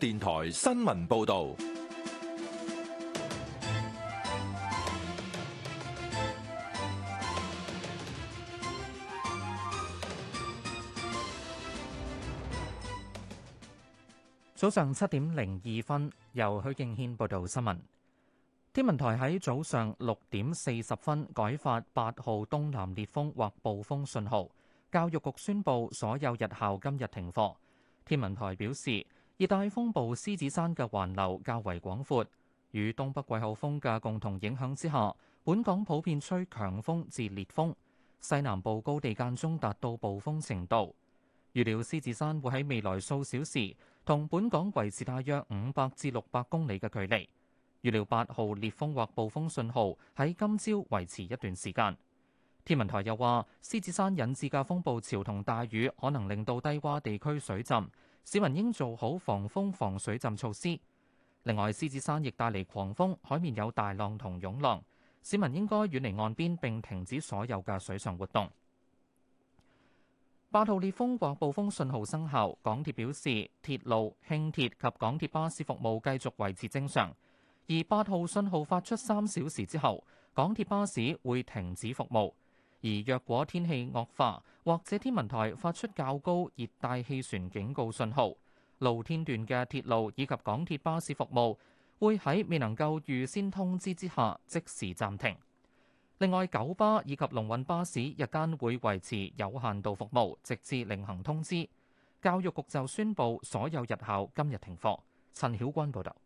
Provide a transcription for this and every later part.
電台新聞報道：早上七點零二分，由許敬軒報道新聞。天文台喺早上六點四十分改發八號東南烈風或暴風信號。教育局宣布所有日校今日停課。天文台表示。熱帶風暴獅子山嘅環流較為廣闊，與東北季候風嘅共同影響之下，本港普遍吹強風至烈風，西南部高地間中達到暴風程度。預料獅子山會喺未來數小時同本港維持大約五百至六百公里嘅距離。預料八號烈風或暴風信號喺今朝維持一段時間。天文台又話，獅子山引致嘅風暴潮同大雨可能令到低窪地區水浸。市民應做好防風防水浸措施。另外，獅子山亦帶嚟狂風，海面有大浪同湧浪，市民應該遠離岸邊並停止所有嘅水上活動。八號烈風或暴風信號生效，港鐵表示鐵路、輕鐵及港鐵巴士服務繼續維持正常，而八號信號發出三小時之後，港鐵巴士會停止服務。而若果天氣惡化，或者天文台發出較高熱帶氣旋警告信號，露天段嘅鐵路以及港鐵巴士服務會喺未能夠預先通知之下即時暫停。另外，九巴以及龍運巴士日間會維持有限度服務，直至另行通知。教育局就宣布所有日校今日停課。陳曉君報導。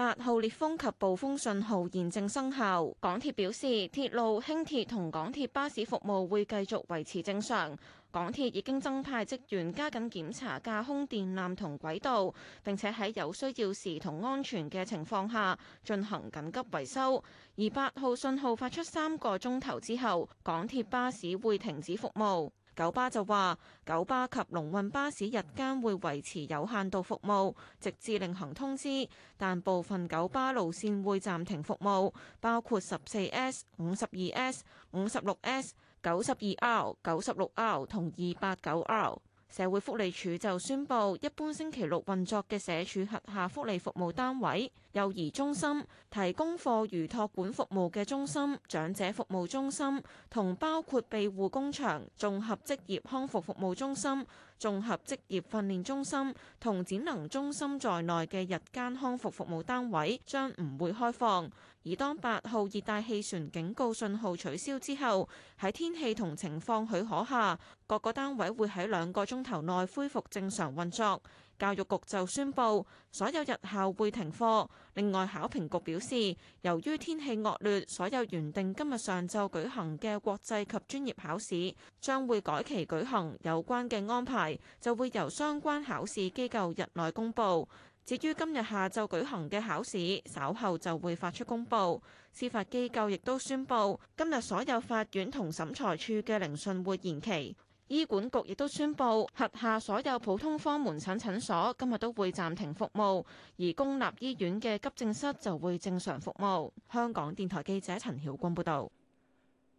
八號烈風及暴風信號現正生效。港鐵表示，鐵路、輕鐵同港鐵巴士服務會繼續維持正常。港鐵已經增派職員，加緊檢查架空電纜同軌道，並且喺有需要時同安全嘅情況下進行緊急維修。而八號信號發出三個鐘頭之後，港鐵巴士會停止服務。九巴就話，九巴及龍運巴士日間會維持有限度服務，直至另行通知。但部分九巴路線會暫停服務，包括十四 S、五十二 S、五十六 S、九十二 R、九十六 R 同二八九 R。社會福利署就宣布，一般星期六運作嘅社署轄下福利服務單位、幼兒中心、提供課餘托管服務嘅中心、長者服務中心，同包括庇護工場、綜合職業康復服務中心、綜合職業訓練中心同展能中心在內嘅日間康復服務單位，將唔會開放。而當八號熱帶氣旋警告信號取消之後，喺天氣同情況許可下，各個單位會喺兩個鐘頭內恢復正常運作。教育局就宣布所有日校會停課。另外，考評局表示，由於天氣惡劣，所有原定今日上晝舉行嘅國際及專業考試將會改期舉行，有關嘅安排就會由相關考試機構日內公佈。至於今日下晝舉行嘅考試，稍後就會發出公佈。司法機構亦都宣布，今日所有法院同審裁處嘅聆訊會延期。醫管局亦都宣布，轄下所有普通科門診診所今日都會暫停服務，而公立醫院嘅急症室就會正常服務。香港電台記者陳曉君報導。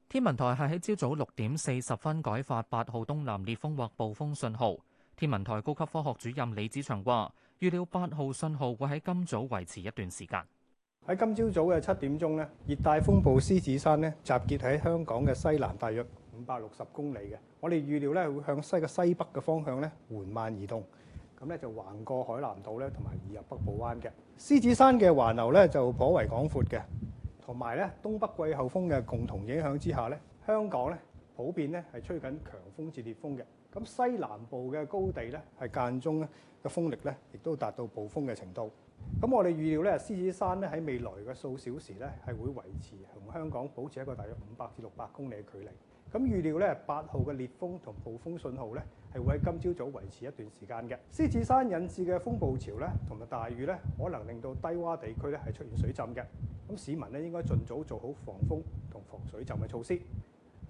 天文台係喺朝早六點四十分改發八號東南烈風或暴風信號。天文台高級科學主任李子祥話。預料八號信號會喺今早維持一段時間。喺今朝早嘅七點鐘咧，熱帶風暴獅子山咧集結喺香港嘅西南，大約五百六十公里嘅。我哋預料咧會向西嘅西北嘅方向咧緩慢移動，咁咧就橫過海南島咧，同埋移入北部灣嘅。獅子山嘅環流咧就頗為廣闊嘅，同埋咧東北季候風嘅共同影響之下咧，香港咧普遍咧係吹緊強風至烈風嘅。咁西南部嘅高地咧，係間中咧嘅風力咧，亦都達到暴風嘅程度。咁我哋預料咧，獅子山咧喺未來嘅數小時咧，係會維持同香港保持一個大約五百至六百公里嘅距離。咁預料咧，八號嘅烈風同暴風信號咧，係會喺今朝早維持一段時間嘅。獅子山引致嘅風暴潮咧，同埋大雨咧，可能令到低窪地區咧係出現水浸嘅。咁市民咧應該盡早做好防風同防水浸嘅措施。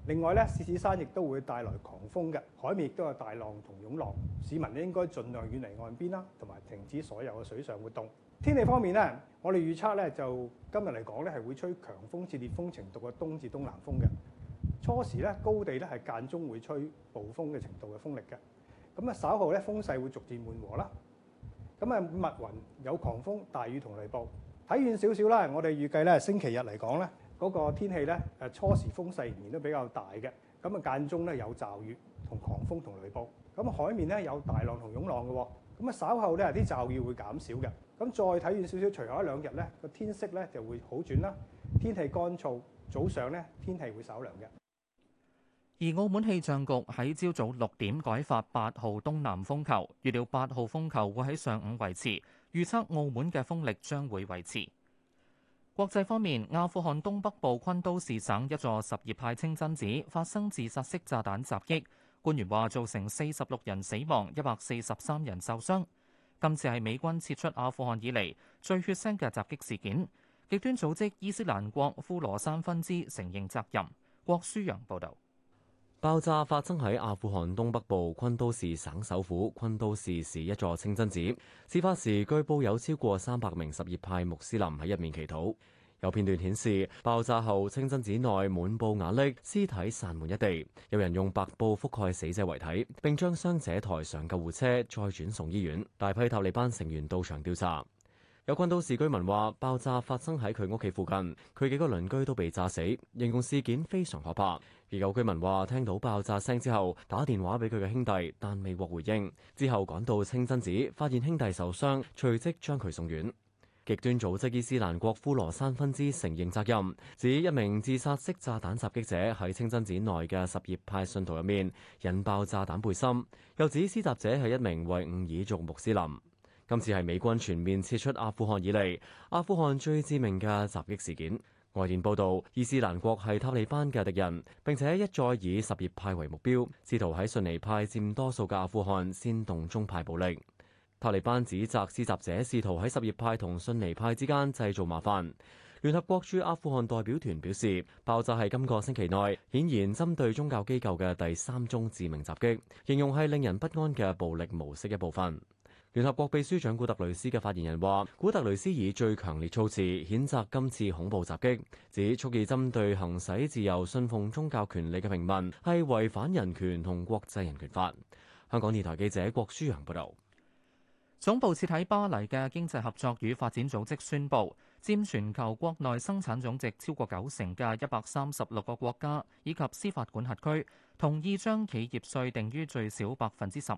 另外咧，獅子山亦都會帶來狂風嘅，海面亦都有大浪同湧浪，市民咧應該盡量遠離岸邊啦，同埋停止所有嘅水上活動。天氣方面咧，我哋預測咧就今日嚟講咧係會吹強風至烈風程度嘅東至東南風嘅，初時咧高地咧係間中會吹暴風嘅程度嘅風力嘅，咁啊稍後咧風勢會逐漸緩和啦。咁啊密雲有狂風大雨同雷暴，睇遠少少啦，我哋預計咧星期日嚟講咧。嗰個天氣咧，誒初時風勢仍然都比較大嘅，咁啊間中咧有驟雨同狂風同雷暴，咁海面咧有大浪同湧浪嘅，咁啊稍後咧啲驟雨會減少嘅，咁再睇遠少少，隨後一兩日咧個天色咧就會好轉啦，天氣乾燥，早上咧天氣會稍涼嘅。而澳門氣象局喺朝早六點改發八號東南風球，預料八號風球會喺上午維持，預測澳門嘅風力將會維持。國際方面，阿富汗東北部昆都市省一座什葉派清真寺發生自殺式炸彈襲擊，官員話造成四十六人死亡，一百四十三人受傷。今次係美軍撤出阿富汗以嚟，最血腥嘅襲擊事件。極端組織伊斯蘭國呼羅山分支承認責任。郭舒陽報道。爆炸發生喺阿富汗東北部昆都市省首府昆都士市一座清真寺，事發時據報有超過三百名什葉派穆斯林喺入面祈禱。有片段顯示爆炸後清真寺內滿布瓦礫，屍體散滿一地，有人用白布覆蓋死者遺體，並將傷者抬上救護車再轉送醫院。大批塔利班成員到場調查。有關都市居民話，爆炸發生喺佢屋企附近，佢幾個鄰居都被炸死，形容事件非常可怕。而有居民話，聽到爆炸聲之後，打電話俾佢嘅兄弟，但未獲回應。之後趕到清真寺，發現兄弟受傷，隨即將佢送院。極端組織伊斯蘭國呼羅珊分支承認責任，指一名自殺式炸彈襲擊者喺清真寺內嘅什葉派信徒入面引爆炸彈背心，又指施襲者係一名維吾爾族穆斯林。今次係美軍全面撤出阿富汗以嚟，阿富汗最致命嘅襲擊事件。外電報道，伊斯蘭國係塔利班嘅敵人，並且一再以什葉派為目標，試圖喺遜尼派佔多數嘅阿富汗煽動宗派暴力。塔利班指責施襲者試圖喺什葉派同遜尼派之間製造麻煩。聯合國駐阿富汗代表團表示，爆炸係今個星期內顯然針對宗教機構嘅第三宗致命襲擊，形容係令人不安嘅暴力模式一部分。聯合國秘書長古特雷斯嘅發言人話：古特雷斯以最強烈措辭譴責今次恐怖襲擊，指蓄意針對行使自由、信奉宗教權利嘅平民係違反人權同國際人權法。香港電台記者郭舒揚報導。總部設喺巴黎嘅經濟合作與發展組織宣布，佔全球國內生產總值超過九成嘅一百三十六個國家以及司法管轄區，同意將企業稅定於最少百分之十五。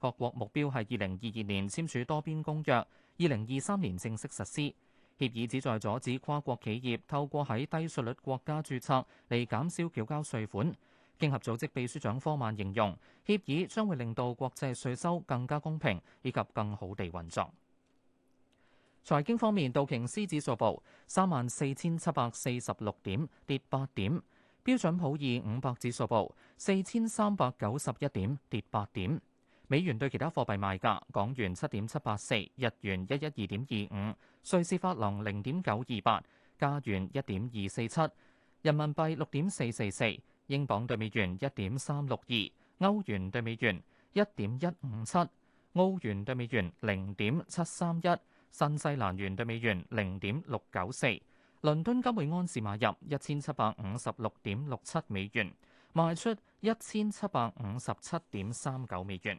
各國目標係二零二二年簽署多邊公約，二零二三年正式實施。協議旨在阻止跨國企業透過喺低稅率國家注冊嚟減少繳交稅款。經合組織秘書長科曼形容，協議將會令到國際稅收更加公平以及更好地運作。財經方面，道瓊斯指數報三萬四千七百四十六點，跌八點；標準普爾五百指數報四千三百九十一點，跌八點。美元對其他貨幣賣價：港元七點七八四，日元一一二點二五，瑞士法郎零點九二八，加元一點二四七，人民幣六點四四四，英鎊對美元一點三六二，歐元對美元一點一五七，澳元對美元零點七三一，新西蘭元對美元零點六九四。倫敦金會安士買入一千七百五十六點六七美元，賣出一千七百五十七點三九美元。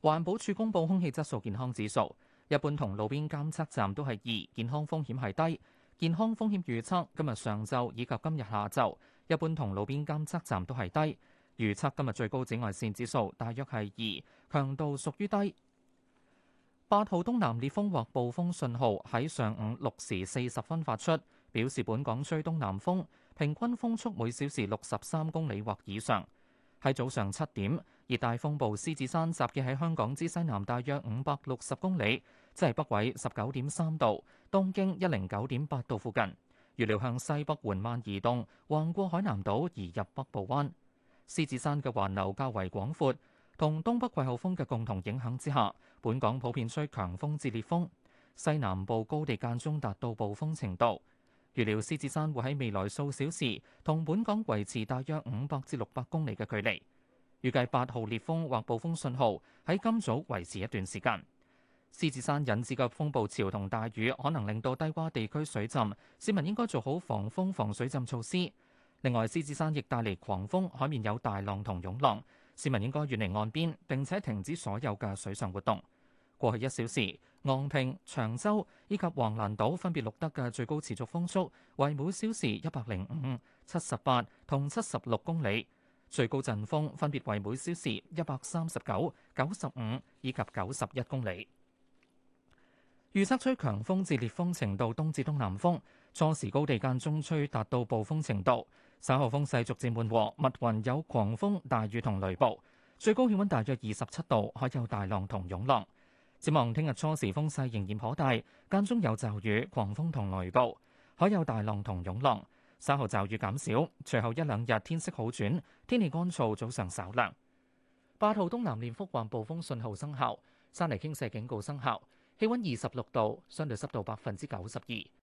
環保署公布空氣質素健康指數，一般同路邊監測站都係二，健康風險係低。健康風險預測今日上晝以及今日下晝，一般同路邊監測站都係低。預測今日最高紫外線指數大約係二，強度屬於低。八號東南烈風或暴風信號喺上午六時四十分發出，表示本港吹東南風，平均風速每小時六十三公里或以上。喺早上七點，熱帶風暴獅子山集結喺香港之西南大約五百六十公里，即係北緯十九點三度、東經一零九點八度附近。預料向西北緩慢移動，橫過海南島移入北部灣。獅子山嘅環流較為廣闊，同東北季候風嘅共同影響之下，本港普遍吹強風至烈風，西南部高地間中達到暴風程度。預料獅子山會喺未來數小時同本港維持大約五百至六百公里嘅距離。預計八號烈風或暴風信號喺今早維持一段時間。獅子山引致嘅風暴潮同大雨可能令到低洼地區水浸，市民應該做好防風防水浸措施。另外，獅子山亦帶嚟狂風，海面有大浪同湧浪，市民應該遠離岸邊並且停止所有嘅水上活動。過去一小時，昂坪、長洲以及橫瀾島分別錄得嘅最高持續風速為每小時一百零五、七十八同七十六公里，最高陣風分別為每小時一百三十九、九十五以及九十一公里。預測吹強風至烈風程度，東至東南風，初時高地間中吹達到暴風程度，稍後風勢逐漸緩和，密雲有狂風、大雨同雷暴，最高氣溫大約二十七度，海有大浪同湧浪。展望聽日初時風勢仍然頗大，間中有驟雨、狂風同雷暴，海有大浪同湧浪。稍後驟雨減少，隨後一兩日天色好轉，天氣乾燥，早上稍涼。八號東南烈風或暴風信號生效，山泥傾瀉警告生效。氣溫二十六度，相對濕度百分之九十二。